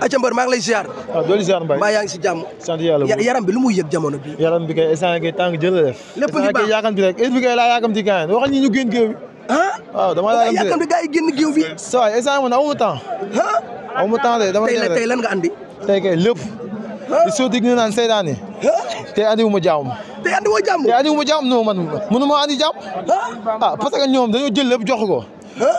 aca mbër lay ziar waaw ah, doolu ziar ngi si jàmm sant yàlla yaram bi lu muy yëg jamono bi yaram bi kay instant kay tàng jël la def lépp ngi baax yaakam bi rek heure bi kay laa yaakam ci gaañ waxal ñi ñu nga andi tey kay lépp di sotti ñu naan seydaan andi wu ma jàmm tey andi woo jàmm tey andi wu ma jàmm non andi jàmm ah parce que ñoom dañoo jël lépp jox ko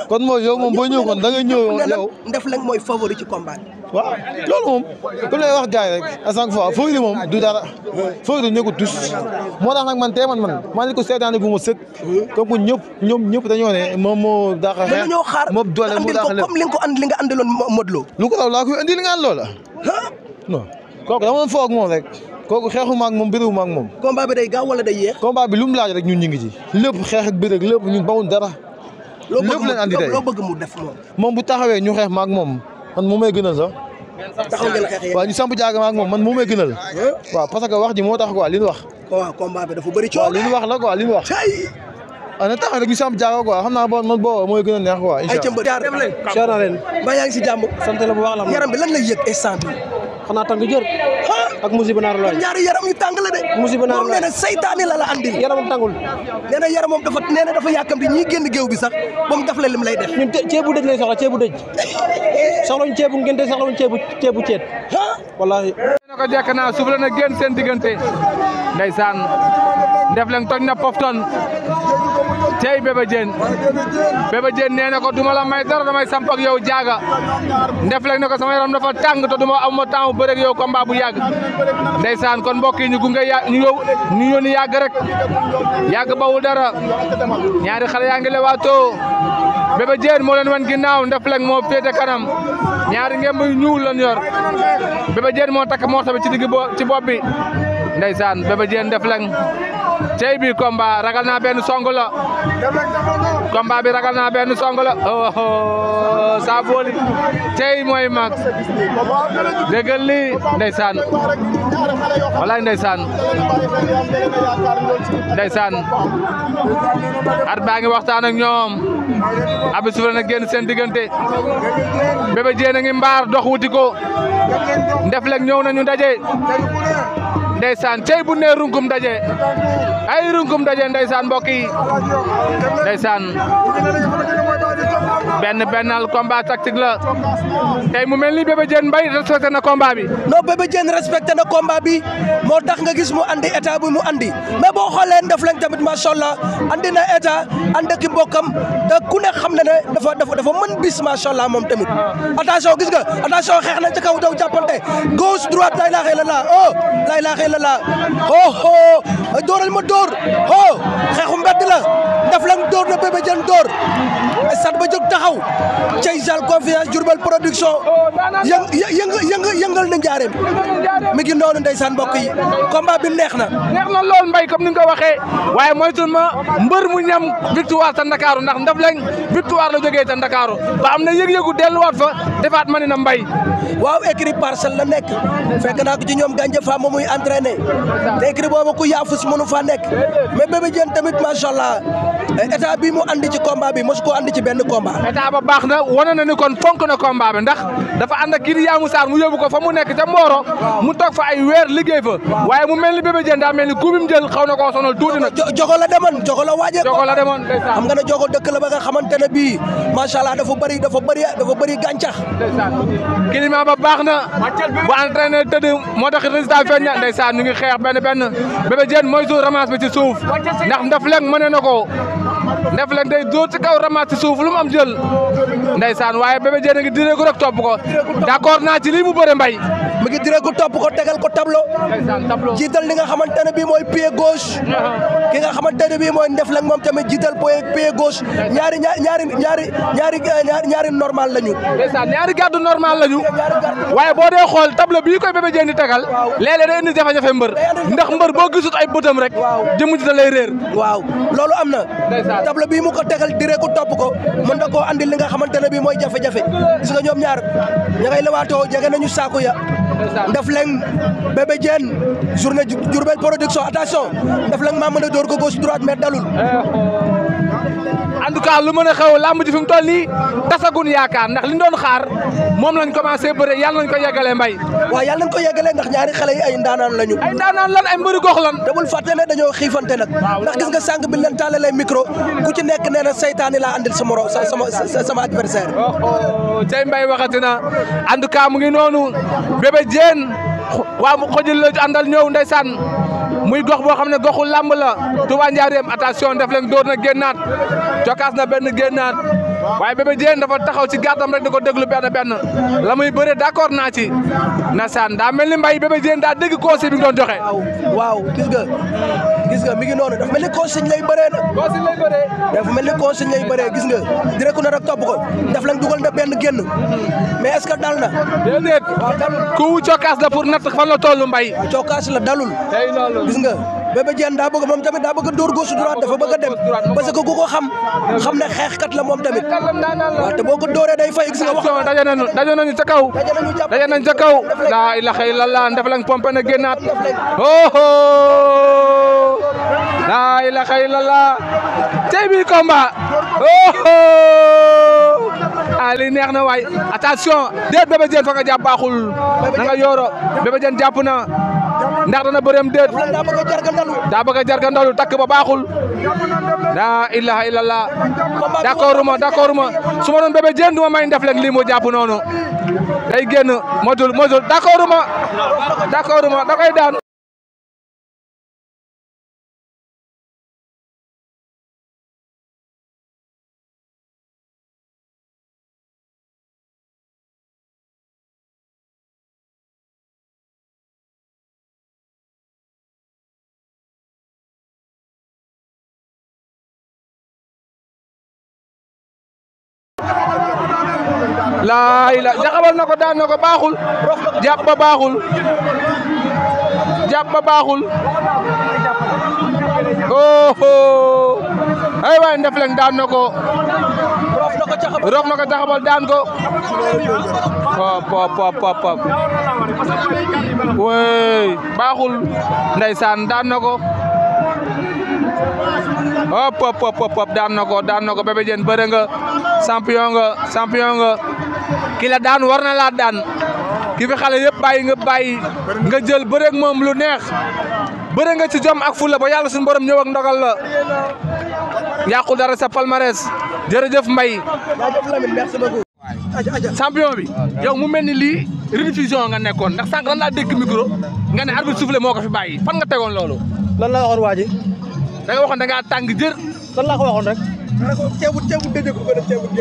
kon moo yow moom boo ñëw kon da nga ñëw yow. Ndefleng mooy favori ci combat waaw loolu moom ku lay wax gars yi rek à chaque fois favori moom du dara favori ñoo ko tus moo tax nag man te man man maa ngi ko seetaan gu ma sët kooku ñëp ñoom ñëpp dañoo ne moom moo daax a xeex moom doole moo daax a lépp comme li nga ko and li nga andiloon Modou Lo lu ko raw laa koy andi li nga and loola non kooku dama foog moom rek kooku xeexu ma ak moom bëriwu ma ak moom combat bi day wala day yéex combat bi lu mu laaj rek ñun ñu ngi ci lépp xeex ak bëri lépp ñun bawul dara lépp lañ andi tey loo bëgg mu def moom. moom bu taxawee ñu xeex maak moom man mu may gënal sax. taxaw ngeen xeex yéen ñu samp jaaga maak moom man mu may gënal. waaw parce que wax ji moo tax quoi li ñu wax. waaw combat wax la quoi li ñu wax. ah na tax ñu samp jaaga quoi xam naa bon man boo mooy gën a neex quoi. incha allah jaar dem leen. si jàmm. sant la bu baax la yaram bi lan lay yëg instant bi xanaa tàng jër ak musiba naaru laay ñaari yaram yu tàng la de musiba naaru laay moom nee na saytaane la la andil yaramam tàngul nee na yaramam dafa nee na dafa yàkkamti ñiy génn géew bi sax ba mu def la lim lay def ñun ceebu dëj lay soxla ceebu dëj soxlawuñ ceebu ngénte soxlawuñ ceebu ceebu ceet wallaahi nee na ko jekk naa suuf la na génn seen diggante ndeysaan Ndefleng toj na Pofton tey Bébé Diène Bébé nee na ko duma la may dara damay samp ak yow jaaga Ndefleng ne ko sama ram dafa tàng te duma am ma temps bu bëre ak yow combat bu yàgg ndeysaan kon mbokk yi ñu gunge ya ñu yow ñu yónni yàgg rek yàgg bawul dara ñaari xale yaa ngi lewaatoo Bébé Diène moo leen wan ginnaaw Ndefleng moo féete kanam ñaari ngemb yu ñuul lan yor Bébé Diène moo takk moo tamit ci digg ci bopp bi ndeysaan Bébé Diène Ndefleng tey bi combat ragal naa benn song la combat bi ragal na benn song la oh, oh, oh saa booli tey mooy mag déggal lii ndeysaan walaay ndeysaan ndeysaan at baa ngi waxtaan ak ñoom abi suuf na génn seen diggante bébé jéen a ngi mbaar dox wuti ndef lek ñëw nañu daje ndeysaan cey bu ne rungum daje ay rungum daje ndeysaan mbokk yi ndeysaan benn bennal combat tactique la tey mu mel ni Bébé Diène Mbaye respecté na combat bi. non Bébé Diène respecté na combat bi moo tax nga gis mu andi état bi mu andi mais boo xoolee Ndefleng tamit macha allah andi na état ànd ak mbokkam te ku ne xam na ne dafa dafa dafa mën bis macha allah moom tamit. attention gis nga attention xeex nañ ca kaw daw jàppante gauche lay laaxee la laa oh lay laaxee illallah oh oh dooral ma door oh xeexu mbedd la daf lan door na Bébé Diène door sat ba jóg taxaw cey sal confiance Diourbel production yëngal na njaareem mi ngi noonu ndeysaan mbokk yi combat bi neex na neex na lool mbay comme ni nga ko waxee waaye moytul ma mbër mu ñam victoire ta dakaaru ndax ndaf lañ victoire la jógee ta ndakaaru ba am na yëg-yëgu delluwaat fa defaat ma ne na mbay waaw écrit parcelle la nekk fekk naa ko ci ñoom gànja fa muy entraîné te écrit boobu ku yaafus mënu faa nekk mais bébé jën tamit macha allah état bi mu andi ci combat bi mosu koo andi ci benn combat état ba baax na wane na ni kon fonk na combat bi ndax dafa ànd ak kii di Yamou ko fa mu nekk ca Mboro toog fa ay weer liggéey fa waaye mu mel ni Bébé Diène daa mel ni ku bi mu jël xaw na koo sonal tuuti nag jogo la demoon jogo la waajee jogo la demoon xam nga ne jogo dëkk la ba nga xamante ne bii macha allah dafa bari dafa bëri dafa bëri gàncax climat ba baax na bu entraîné tëdd moo tax résultat feeñ na ndeysaan ñu ngi xeex benn benn Bébé Diène mooy suuf ramasse bi ci suuf ndax ndaf leen mën na ko ndef leen day dóor ci kaw ramas ci suuf lu mu am jël ndeysaan waaye Bébé Diène a ngi direegu rek topp ko naa ci lii mu mbay gi diré gu topp ko tegal ko tableau jiital li nga xamante ne bii mooy pied gauche uh-huh. ki nga xamante ne bii mooy ndef la moom tamit jiital pied gauche ñaari ñaari ñaari ñaari ñaari normal lañu ñaari gàddu normal lañu waaye boo dee xool tableau bii koy Bébé Diène di tegal léeg-léeg day indi jafe-jafe mbër ndax mbër boo gisut ay bëtam rek jëmm ji da lay réer waaw loolu am na tableau bii mu ko tegal dire gu topp ko mën na koo andi li nga xamante ne bii mooy jafe-jafe su nga ñoom ñaar ña ngay lewaatoo jege nañu saako ya Ndefleng Bébé Diène journée Diourbel production attention Ndefleng maa mën a door ko gauche droite mais dalul en tout cas lu mën a xew làmb ji fi mu toll nii tasagun yaakaar ndax li ñu doon xaar moom lañ commencé bëre yàlla nañ ko yeggalee mbay waaw yàlla nañ ko yeggalee ndax ñaari xale yi ay ndaanaan lañu ay ndaanaan lan ay mbëri gox lan te bul ne dañoo xiifante nag ndax gis nga sànq bi leen tàllalee micro ci nekk nee na seytaane laa andil sama moro sama sama adversaire oh, oh. tey mbay waxati na en tout cas mu ngi noonu bébé jéen waaw mu xojul la àndal ñëw ndeysaan muy gox boo xam ne goxu làmb la Touba Njaareem attention def leen dóor na génnaat cokaas na benn génnaat waaye Bébé Diène dafa taxaw ci gàttam rek di ko déglu benn benn la muy bëre d'accord naa ci nasaan daa mel ni mbay Bébé Diène daa dégg conseil bi nga doon joxe. waaw gis nga gis nga mi ngi noonu dafa mel ni consigne lay bëree nag. consigne lay dafa mel ni consigne lay bëree gis nga direct na rek topp ko daf lañ dugal na benn génn mais est-ce que dal na. déedéet ku cokkaas la pour natt fan la tollu mbay. waaw la dalul. tey loolu gis nga. Bébé Diène daa bëgg moom tamit daa bëgg a dóor gauche droite dafa bëgg a dem parce que ku xam xam ne xeexkat la moom tamit waaw te boo ko dóoree day fay gis nga wax daje nañu daje nañu ca kaw daje nañu ca kaw laa ilaha illallah ndef lañ pompé na génnaat oh laa ilaha illallah tey bi combat ah lii neex na waay attention déet Bébé Diène fa nga jàpp baaxul na nga yooro Bébé Diène jàpp na ndax dana bëreem déet daa bëgg a jargandalu takk ba baaxul laa ilaha illallah d'accord ma d'accord ma su ma doon bébé jéen du ma may def leen lii mu jàpp noonu day génn motul motul d'accord ma d'accord daan laa ila jaxabal na ko daan na baaxul jàpp baaxul jàpp baaxul oh ay waay Ndefleng daan na ko roof na ko jaxabal daan ko pop pop baaxul ndeysaan daan na ko daan na ko daan na ko kila la daan war na laa daan ki fi xale yëpp bàyyi nga bàyyi nga jël bëreeg moom lu neex bëre nga ci jom ak fulla ba yàlla suñu borom ñëw ak ndogal la yàqul dara sa palmarès jërëjëf Mbaye. champion bi yow mu mel ni lii rediffusion nga nekkoon ndax sànq lan laa dégg nga ne arbitre soufflé moo ko fi bàyyi fan nga tegoon loolu. lan waxoon waa ji. da nga waxoon da ngaa tàng jër. lan laa ko waxoon rek.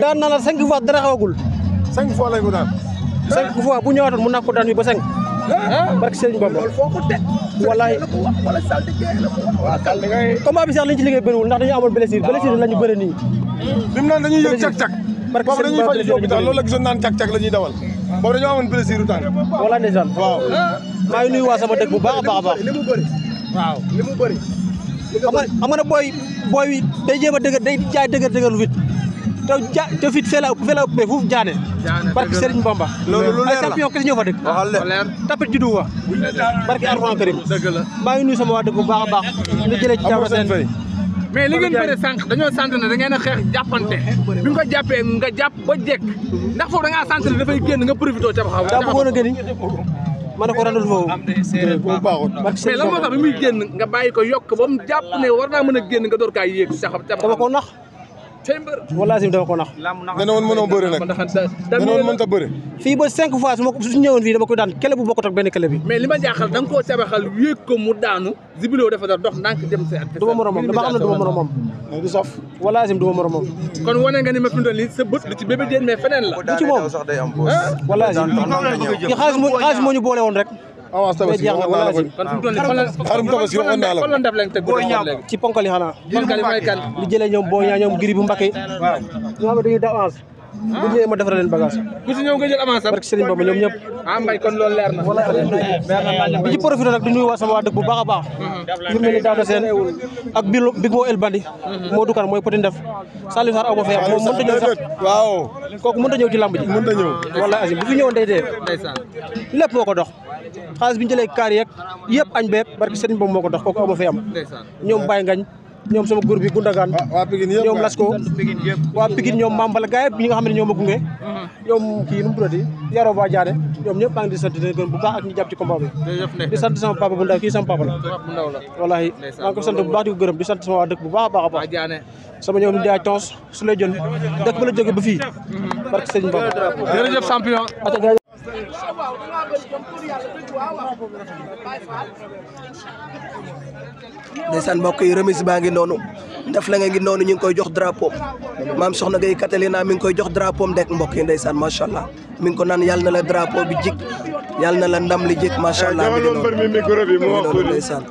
daan na la cinq fois dara xawagul. cinq fois lañ ko daan. cinq fois bu ñëwaatoon mun naa ko daan yu ba cinq. barke Sëriñ Bamba loolu foo ko teg. bi sax liñ ci liggéey bëriwul ndax dañu amoon blessure blessure lañu bëri nii. bi mu naan dañuy yëg cag-cag. barke boobu dañuy faj la gisoon naan cag-cag la ñuy dawal. boobu dañoo amoon blessure tànk. wala ndeysaan. waaw maa ngi nuyu waa dëkk bu baax a baax a baax. li mu bëri waaw li mu bëri. xam nga booy booy day jéem dëgër day jaay dëgër dëgër lu vite te ja te fit fee la jaane barke Serigne Bamba loolu ay champion kese ñoo fa dëkk wa barke Alxuraan Karim maa ngi nuyu sama waa dëkk bu baax a baax nga jëlee ci Thiaw Sène mais li ngeen dañoo sant ne da a xeex jàppante bi nga ko nga jàpp ba jekk ndax foofu da ngaa sant dafay génn nga profité ca baxaw daa bëggoon a génn ma ne ko randul foofu mais lan moo tax bi muy génn nga bàyyi ko yokk ba mu ne war naa mën a génn nga door wallaahi dama ko nax. nee woon mënoo bëri nag nee na woon mënta bëri. fii ba cinq fois su ma su fii dama koy daan kele bu bokkut ak benn kele bi. ma jaaxal da nga koo cabaxal yéeg mu daanu. zibiloo dafa dox ndànk dem sa. du ma moromam dama xam du ma moromam. du saf wallaahi du ma moromam. kon wane nga ni ma fi mu toll nii sa bët lu ci bébé feneen la. lu ci moom wallaahi xaalis moo boole woon rek avance ah, tabaski waxoon naa la ko xarum tabaski ci ponkali xanaa ponkali mooy ñoom boo ñaa giri bu mbake ñoo xam ne dañuy bu ñëwee ma defara leen bagage ku si ñëw nga jël avance barke Serigne Bamba ñoom ñëpp ah mbay kon loolu leer na di ci profité nag di nuyu waa sama waa dëkk bu baax a baax uh-huh. bi big moo el bandi uh-huh. moo dukan mooy poti ndef Saliou Sarr aw ma fa yàq moom mënta ñëw sax waaw kooku mënta ñëw ci làmb ji mënta ñëw wallaay asi bu fi ñëwoon day dee lépp moo ko dox xaalis bi ñu jëlee kaar yeeg yëpp añ beep barke Serigne Bamba moo ko dox kooku aw ma fa yam ñoom Baye Ngagne ñoom sama groupe bi Gundagaan ah, ñoom Lasko waa Pikine ñoom Mambal gars yëpp ñi nga xam ne ñoo ma gunge uh-huh. ñoom kii nu mu tuddati Yaro ñoom ñëpp maa di sant di gën bu baax ak ñu jàpp ci combat bi di sant sama papa bu ndaw kii bu baax di ko gërëm di sant sama waa dëkk bu baax a baax sama ñoom Ndiaye Tons su lay jën dëkk ba la jóge ba fii uh-huh. barke sëñ Ba jërëjëf champion waaw waaw ndeysaan mbokk yi remise baa ngi noonu def la nga ngi noonu ñu ngi koy jox drapeau maam soxna gay Catalina mi ngi koy jox drapeau am dekk mbokk yi ndeysaan macha allah mi ngi ko naan yàlla na la drapeau bi jik yàlla na la ndam li jik macha allah mi ngi eh, noonu micro bi mu wax ndeysaan